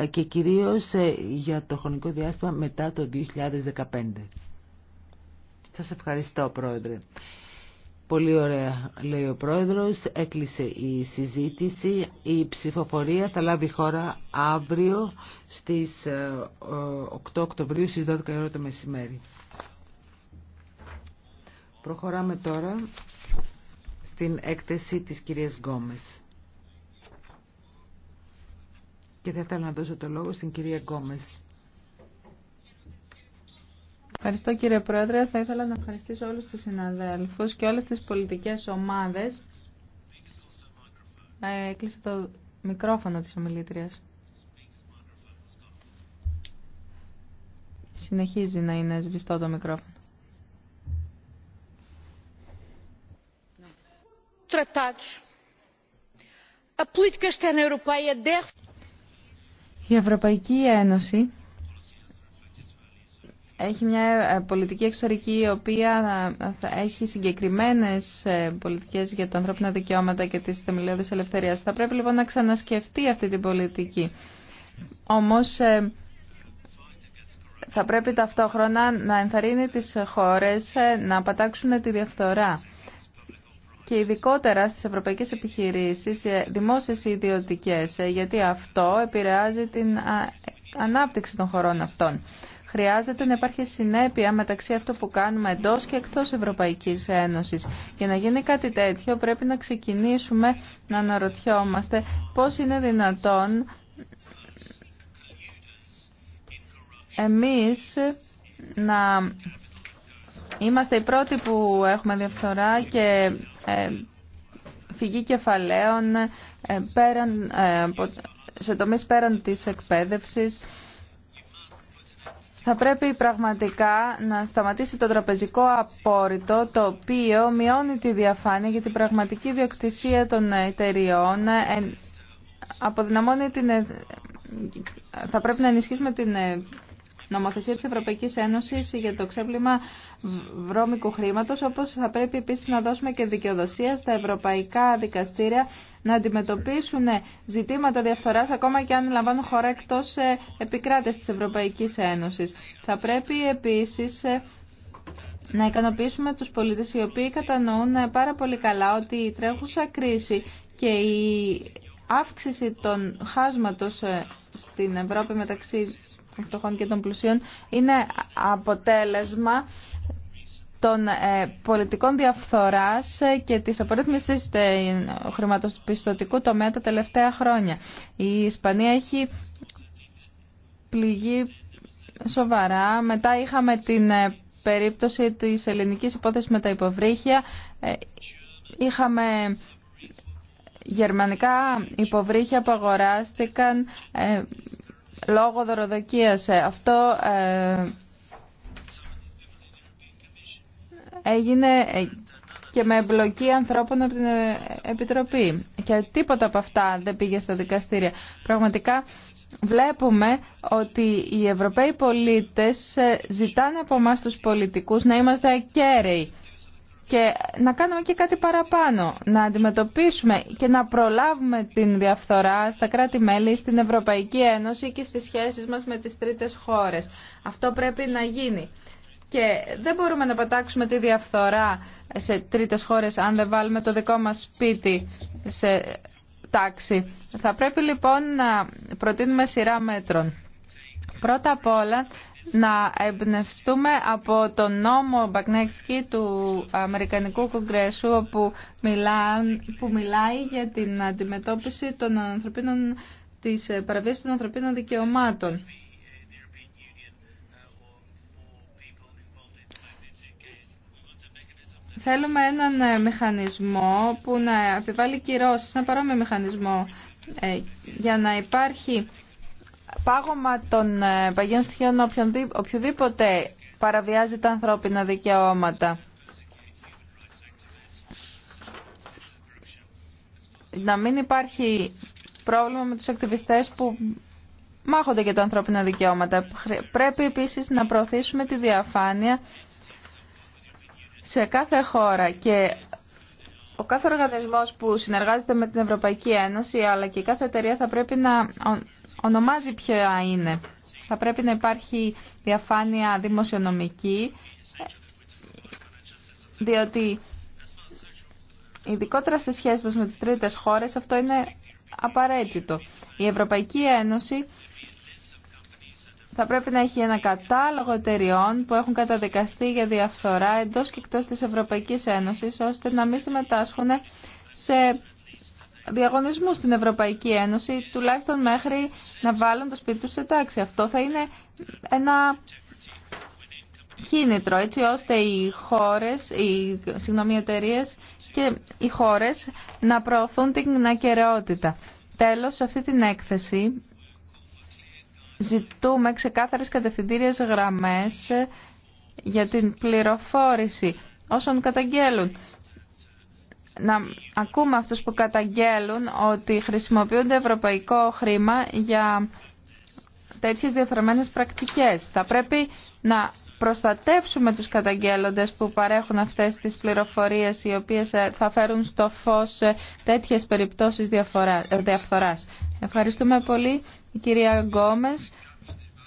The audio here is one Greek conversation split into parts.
Ε, και κυρίως ε, για το χρονικό διάστημα μετά το 2015. Σας ευχαριστώ Πρόεδρε. Πολύ ωραία λέει ο Πρόεδρος. Έκλεισε η συζήτηση. Η ψηφοφορία θα λάβει χώρα αύριο στις 8 ε, Οκτωβρίου στις 12 το μεσημέρι. Προχωράμε τώρα στην έκθεση της κυρίας Γκόμες. Και θα ήθελα να δώσω το λόγο στην κυρία Γκόμες. Ευχαριστώ κύριε Πρόεδρε. Θα ήθελα να ευχαριστήσω όλους τους συναδέλφους και όλες τις πολιτικές ομάδες. Ε, έκλεισε το μικρόφωνο της ομιλήτριας. Συνεχίζει να είναι σβηστό το μικρόφωνο. Tratados. A política externa europeia deve η Ευρωπαϊκή Ένωση έχει μια ε, πολιτική εξωτερική η οποία ε, θα έχει συγκεκριμένες ε, πολιτικές για τα ανθρώπινα δικαιώματα και τις θεμελιώδεις ελευθερία. Θα πρέπει λοιπόν να ξανασκεφτεί αυτή την πολιτική. Όμως θα πρέπει ταυτόχρονα να ενθαρρύνει τις χώρες να πατάξουν τη διαφθορά και ειδικότερα στις ευρωπαϊκές επιχειρήσεις, ε, δημόσιες ή ιδιωτικές, ε, γιατί αυτό επηρεάζει την ανάπτυξη των χωρών αυτών. Χρειάζεται να υπάρχει συνέπεια μεταξύ αυτού που κάνουμε εντό και εκτό Ευρωπαϊκή Ένωση. Για να γίνει κάτι τέτοιο, πρέπει να ξεκινήσουμε να αναρωτιόμαστε πώ είναι δυνατόν εμεί να Είμαστε οι πρώτοι που έχουμε διαφθορά και ε, φυγή κεφαλαίων ε, πέραν, ε, σε τομείς πέραν της εκπαίδευσης. Θα πρέπει πραγματικά να σταματήσει το τραπεζικό απόρριτο το οποίο μειώνει τη διαφάνεια για την πραγματική διοκτησία των εταιριών, αποδυναμώνει την... θα πρέπει να ενισχύσουμε την νομοθεσία της Ευρωπαϊκής Ένωσης για το ξέπλυμα βρώμικου χρήματος, όπως θα πρέπει επίσης να δώσουμε και δικαιοδοσία στα ευρωπαϊκά δικαστήρια να αντιμετωπίσουν ζητήματα διαφθοράς ακόμα και αν λαμβάνουν χώρα εκτός ε, επικράτες της Ευρωπαϊκής Ένωσης. Θα πρέπει επίσης ε, να ικανοποιήσουμε τους πολίτες οι οποίοι κατανοούν ε, πάρα πολύ καλά ότι η τρέχουσα κρίση και η αύξηση των χάσματος στην Ευρώπη μεταξύ των φτωχών και των πλουσίων είναι αποτέλεσμα των ε, πολιτικών διαφθοράς ε, και της απορρίθμισης του χρηματοπιστωτικού τομέα τα τελευταία χρόνια. Η Ισπανία έχει πληγεί σοβαρά. Μετά είχαμε την ε, περίπτωση της ελληνικής υπόθεσης με τα υποβρύχια. Είχαμε γερμανικά υποβρύχια που αγοράστηκαν λόγω δωροδοκίας. Ε, αυτό ε, έγινε ε, και με εμπλοκή ανθρώπων από την Επιτροπή. Και τίποτα από αυτά δεν πήγε στα δικαστήρια. Πραγματικά βλέπουμε ότι οι Ευρωπαίοι πολίτες ζητάνε από εμάς τους πολιτικούς να είμαστε ακέραιοι και να κάνουμε και κάτι παραπάνω, να αντιμετωπίσουμε και να προλάβουμε την διαφθορά στα κράτη-μέλη, στην Ευρωπαϊκή Ένωση και στις σχέσεις μας με τις τρίτες χώρες. Αυτό πρέπει να γίνει. Και δεν μπορούμε να πατάξουμε τη διαφθορά σε τρίτες χώρες αν δεν βάλουμε το δικό μας σπίτι σε τάξη. Θα πρέπει λοιπόν να προτείνουμε σειρά μέτρων. Πρώτα απ' όλα να εμπνευστούμε από τον νόμο Μπακνέξκι του Αμερικανικού Κογκρέσου που μιλάει για την αντιμετώπιση των ανθρωπίνων, της παραβίασης των ανθρωπίνων δικαιωμάτων. Θέλουμε έναν ε, μηχανισμό που να επιβάλλει κυρώσεις, ένα παρόμοιο μηχανισμό ε, για να υπάρχει πάγωμα των ε, παγίων στοιχείων οποιοδήποτε παραβιάζει τα ανθρώπινα δικαιώματα. Να μην υπάρχει πρόβλημα με τους ακτιβιστές που μάχονται για τα ανθρώπινα δικαιώματα. Πρέπει επίσης να προωθήσουμε τη διαφάνεια σε κάθε χώρα και ο κάθε οργανισμός που συνεργάζεται με την Ευρωπαϊκή Ένωση αλλά και κάθε εταιρεία θα πρέπει να ονομάζει ποια είναι. Θα πρέπει να υπάρχει διαφάνεια δημοσιονομική, διότι ειδικότερα στις σχέση με τις τρίτες χώρες αυτό είναι απαραίτητο. Η Ευρωπαϊκή Ένωση θα πρέπει να έχει ένα κατάλογο εταιριών που έχουν καταδικαστεί για διαφθορά εντός και εκτός της Ευρωπαϊκής Ένωσης ώστε να μην συμμετάσχουν σε διαγωνισμού στην Ευρωπαϊκή Ένωση, τουλάχιστον μέχρι να βάλουν το σπίτι τους σε τάξη. Αυτό θα είναι ένα κίνητρο, έτσι ώστε οι χώρες, οι συγγνώμη, και οι χώρες να προωθούν την ακαιρεότητα. Τέλος, σε αυτή την έκθεση ζητούμε ξεκάθαρες κατευθυντήριες γραμμές για την πληροφόρηση όσων καταγγέλουν να ακούμε αυτούς που καταγγέλουν ότι χρησιμοποιούνται ευρωπαϊκό χρήμα για τέτοιες διαφορεμένες πρακτικές. Θα πρέπει να προστατεύσουμε τους καταγγέλλοντες που παρέχουν αυτές τις πληροφορίες οι οποίες ε, θα φέρουν στο φως ε, τέτοιες περιπτώσεις ε, διαφθοράς. Ευχαριστούμε πολύ κυρία Γκόμες.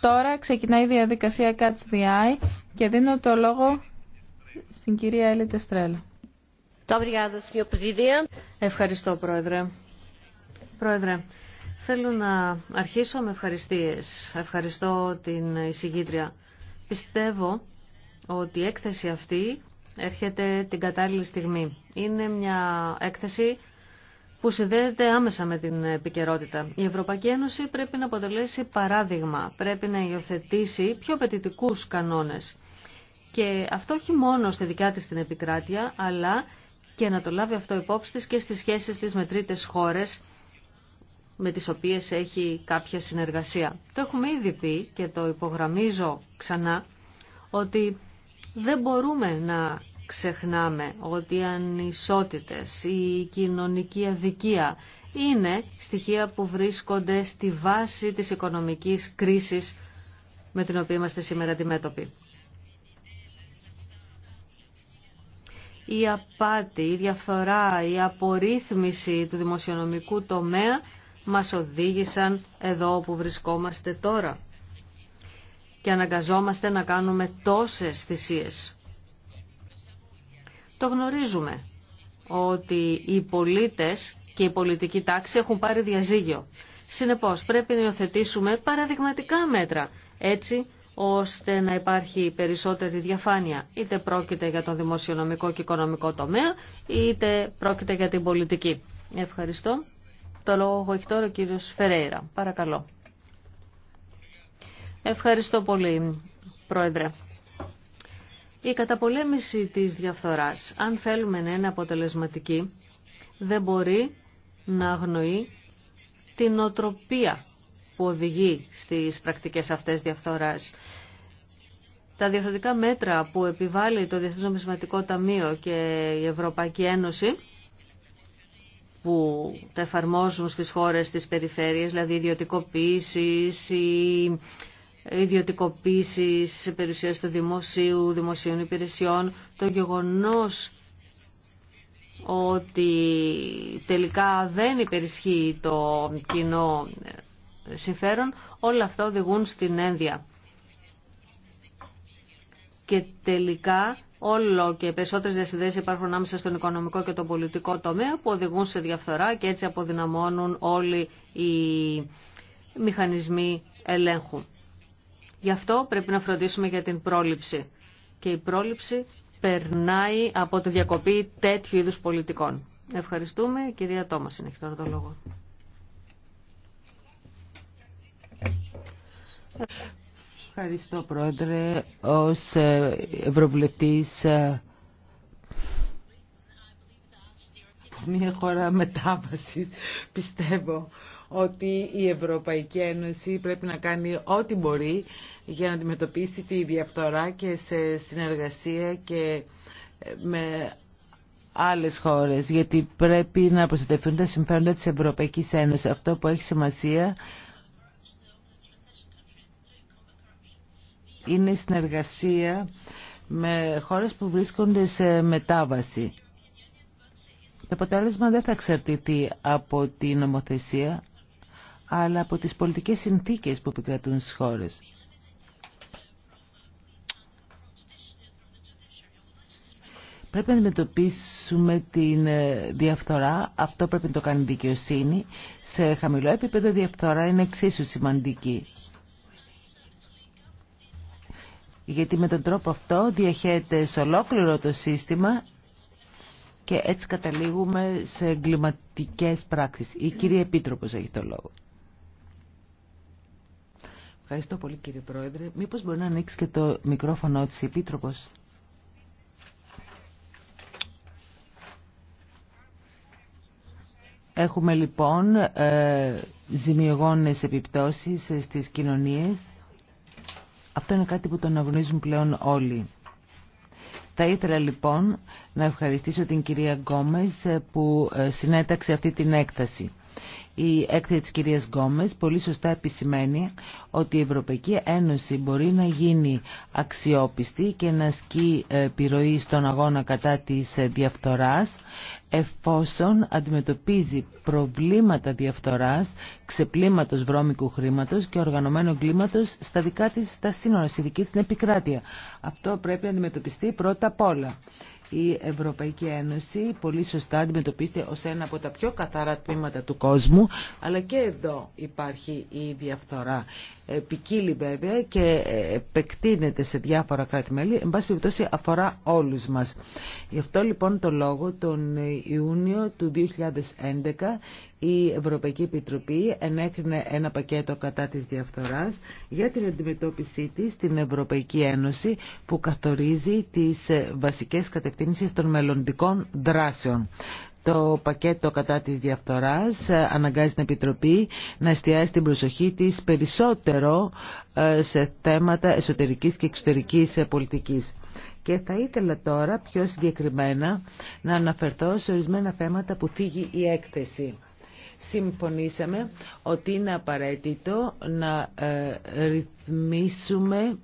Τώρα ξεκινάει η διαδικασία Catch και δίνω το λόγο στην κυρία Έλλη Τεστρέλα. Ευχαριστώ, Πρόεδρε. Πρόεδρε, θέλω να αρχίσω με ευχαριστίες. Ευχαριστώ την εισηγήτρια. Πιστεύω ότι η έκθεση αυτή έρχεται την κατάλληλη στιγμή. Είναι μια έκθεση που συνδέεται άμεσα με την επικαιρότητα. Η Ευρωπαϊκή Ένωση πρέπει να αποτελέσει παράδειγμα, πρέπει να υιοθετήσει πιο απαιτητικού κανόνες. Και αυτό όχι μόνο στη δικιά της την επικράτεια, αλλά και να το λάβει αυτό υπόψη της και στις σχέσεις της με τρίτες χώρες με τις οποίες έχει κάποια συνεργασία. Το έχουμε ήδη πει και το υπογραμμίζω ξανά ότι δεν μπορούμε να ξεχνάμε ότι οι ανισότητες, η κοινωνική αδικία είναι στοιχεία που βρίσκονται στη βάση της οικονομικής κρίσης με την οποία είμαστε σήμερα αντιμέτωποι. η απάτη, η διαφθορά, η απορρίθμιση του δημοσιονομικού τομέα μας οδήγησαν εδώ που βρισκόμαστε τώρα και αναγκαζόμαστε να κάνουμε τόσες θυσίες. Το γνωρίζουμε ότι οι πολίτες και η πολιτική τάξη έχουν πάρει διαζύγιο. Συνεπώς πρέπει να υιοθετήσουμε παραδειγματικά μέτρα έτσι ώστε να υπάρχει περισσότερη διαφάνεια. Είτε πρόκειται για τον δημοσιονομικό και οικονομικό τομέα, είτε πρόκειται για την πολιτική. Ευχαριστώ. Το λόγο έχει τώρα ο κύριος Φερέιρα. Παρακαλώ. Ευχαριστώ πολύ, Πρόεδρε. Η καταπολέμηση της διαφθοράς, αν θέλουμε να είναι αποτελεσματική, δεν μπορεί να αγνοεί την οτροπία που οδηγεί στις πρακτικές αυτές διαφθοράς. Τα διαφορετικά μέτρα που επιβάλλει το Διεθνές Νομισματικό Ταμείο και η Ευρωπαϊκή Ένωση που τα εφαρμόζουν στις χώρες της περιφέρειας, δηλαδή ιδιωτικοποίησης ή ιδιωτικοποίησης περιουσίας του δημοσίου, δημοσίων υπηρεσιών, το γεγονός ότι τελικά δεν υπερισχύει το κοινό συμφέρον, όλα αυτά οδηγούν στην ένδια. Και τελικά όλο και περισσότερες διασυνδέσεις υπάρχουν ανάμεσα στον οικονομικό και τον πολιτικό τομέα που οδηγούν σε διαφθορά και έτσι αποδυναμώνουν όλοι οι μηχανισμοί ελέγχου. Γι' αυτό πρέπει να φροντίσουμε για την πρόληψη. Και η πρόληψη περνάει από τη διακοπή τέτοιου είδους πολιτικών. Ευχαριστούμε. Κυρία Τόμα, συνεχίζω τώρα το λόγο. Ευχαριστώ Πρόεδρε. Ως ε, Ευρωβουλευτής ε, από μια χώρα μετάβασης πιστεύω ότι η Ευρωπαϊκή Ένωση πρέπει να κάνει ό,τι μπορεί για να αντιμετωπίσει τη διαφθορά και σε συνεργασία και ε, με άλλες χώρες, γιατί πρέπει να προστατευτούν τα συμφέροντα της Ευρωπαϊκής Ένωσης. Αυτό που έχει σημασία είναι συνεργασία με χώρες που βρίσκονται σε μετάβαση. Το αποτέλεσμα δεν θα εξαρτηθεί από την νομοθεσία, αλλά από τις πολιτικές συνθήκες που επικρατούν στις χώρες. Πρέπει να αντιμετωπίσουμε την ε, διαφθορά, αυτό πρέπει να το κάνει δικαιοσύνη. Σε χαμηλό επίπεδο διαφθορά είναι εξίσου σημαντική. γιατί με τον τρόπο αυτό διαχέεται σε ολόκληρο το σύστημα και έτσι καταλήγουμε σε εγκληματικέ πράξεις. Η κυρία Επίτροπος έχει το λόγο. Ευχαριστώ πολύ κύριε Πρόεδρε. Μήπως μπορεί να ανοίξει και το μικρόφωνο της Επίτροπος. Έχουμε λοιπόν ε, ζημιογόνες επιπτώσεις ε, στις κοινωνίες αυτό είναι κάτι που τον αγωνίζουν πλέον όλοι. Θα ήθελα λοιπόν να ευχαριστήσω την κυρία Γκόμες ε, που ε, συνέταξε αυτή την έκταση. Η έκθεση της κυρίας Γκόμες πολύ σωστά επισημαίνει ότι η Ευρωπαϊκή Ένωση μπορεί να γίνει αξιόπιστη και να ασκεί ε, επιρροή στον αγώνα κατά της διαφθοράς εφόσον αντιμετωπίζει προβλήματα διαφθοράς, ξεπλήματος βρώμικου χρήματος και οργανωμένου κλίματος στα δικά της τα σύνορα, στη δική της επικράτεια. Αυτό πρέπει να αντιμετωπιστεί πρώτα απ' όλα η Ευρωπαϊκή Ένωση πολύ σωστά αντιμετωπίστε ως ένα από τα πιο καθαρά τμήματα του κόσμου, αλλά και εδώ υπάρχει η διαφθορά. Επικύλει βέβαια και επεκτείνεται σε διάφορα κράτη-μέλη, εν πάση περιπτώσει αφορά όλους μας. Γι' αυτό λοιπόν το λόγο τον Ιούνιο του 2011 η Ευρωπαϊκή Επιτροπή ενέκρινε ένα πακέτο κατά της διαφθοράς για την αντιμετώπιση της στην Ευρωπαϊκή Ένωση που καθορίζει τις βασικές κατευθύνσεις των μελλοντικών δράσεων. Το πακέτο κατά της διαφθοράς ε, αναγκάζει την Επιτροπή να εστιάσει την προσοχή της περισσότερο ε, σε θέματα εσωτερικής και εξωτερικής ε, πολιτικής. Και θα ήθελα τώρα πιο συγκεκριμένα να αναφερθώ σε ορισμένα θέματα που θίγει η έκθεση. Συμφωνήσαμε ότι είναι απαραίτητο να ρυθμίσουμε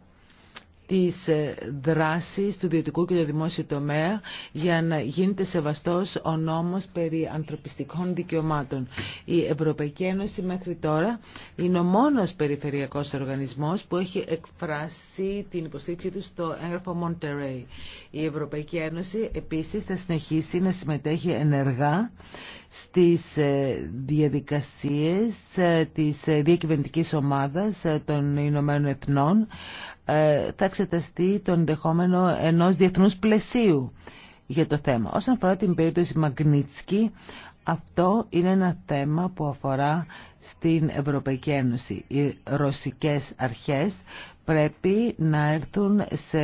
τις ε, δράσεις του ιδιωτικού και του δημόσιου τομέα για να γίνεται σεβαστός ο νόμος περί ανθρωπιστικών δικαιωμάτων. Η Ευρωπαϊκή Ένωση μέχρι τώρα είναι ο μόνος περιφερειακός οργανισμός που έχει εκφράσει την υποστήριξη του στο έγγραφο Monterey. Η Ευρωπαϊκή Ένωση επίσης θα συνεχίσει να συμμετέχει ενεργά στις ε, διαδικασίες ε, της διακυβερνητικής ομάδας των Ηνωμένων Εθνών ε, θα εξεταστεί το ενδεχόμενο ενός διεθνούς πλαισίου για το θέμα. Όσον αφορά την περίπτωση Μαγνίτσκι, αυτό είναι ένα θέμα που αφορά στην Ευρωπαϊκή Ένωση. Οι ρωσικές αρχές πρέπει να έρθουν σε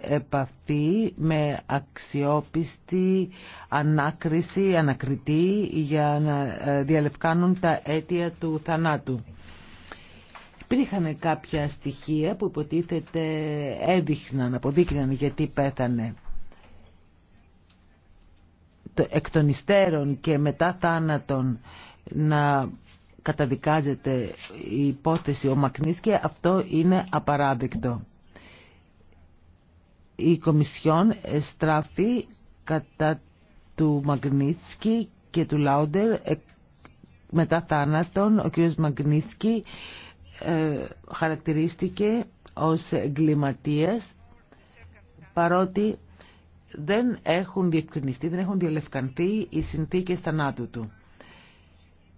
επαφή με αξιόπιστη ανάκριση, ανακριτή για να ε, διαλευκάνουν τα αίτια του θανάτου. Υπήρχαν κάποια στοιχεία που υποτίθεται έδειχναν, αποδείκναν γιατί πέθανε εκ των υστέρων και μετά θάνατον να καταδικάζεται η υπόθεση ο Μακνής αυτό είναι απαράδεκτο. Η Κομισιόν στράφει κατά του Μαγνίτσκι και του Λάουντερ μετά θάνατον ο κ. Μαγνίτσκι ε, χαρακτηρίστηκε ως εγκληματίας παρότι δεν έχουν διευκρινιστεί, δεν έχουν διαλευκανθεί οι συνθήκες θανάτου του.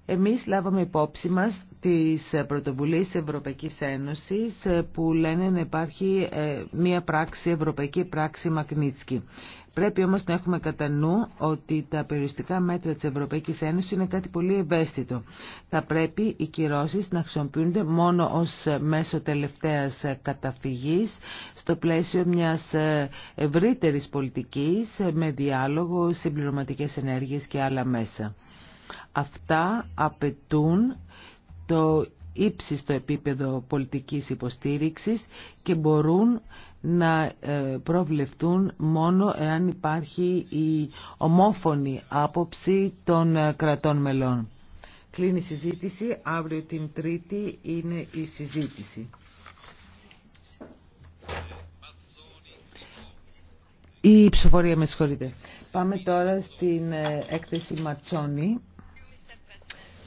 Εμείς λάβαμε υπόψη μας τις πρωτοβουλίες της Ευρωπαϊκής Ένωσης ε, που λένε να υπάρχει ε, μια πράξη, ευρωπαϊκή πράξη Μακνίτσκι. Πρέπει όμως να έχουμε κατά νου ότι τα περιοριστικά μέτρα της Ευρωπαϊκής Ένωσης είναι κάτι πολύ ευαίσθητο. Θα πρέπει οι κυρώσεις να χρησιμοποιούνται μόνο ως μέσο τελευταίας καταφυγής στο πλαίσιο μιας ε, ευρύτερης πολιτικής με διάλογο, συμπληρωματικές ενέργειες και άλλα μέσα. Αυτά απαιτούν το ύψιστο επίπεδο πολιτικής υποστήριξης και μπορούν να ε, προβλεφτούν μόνο εάν υπάρχει η ομόφωνη άποψη των ε, κρατών μελών. Κλείνει η συζήτηση. Αύριο την Τρίτη είναι η συζήτηση. Η ψηφορία με συγχωρείτε. Πάμε τώρα στην ε, έκθεση Ματσόνη.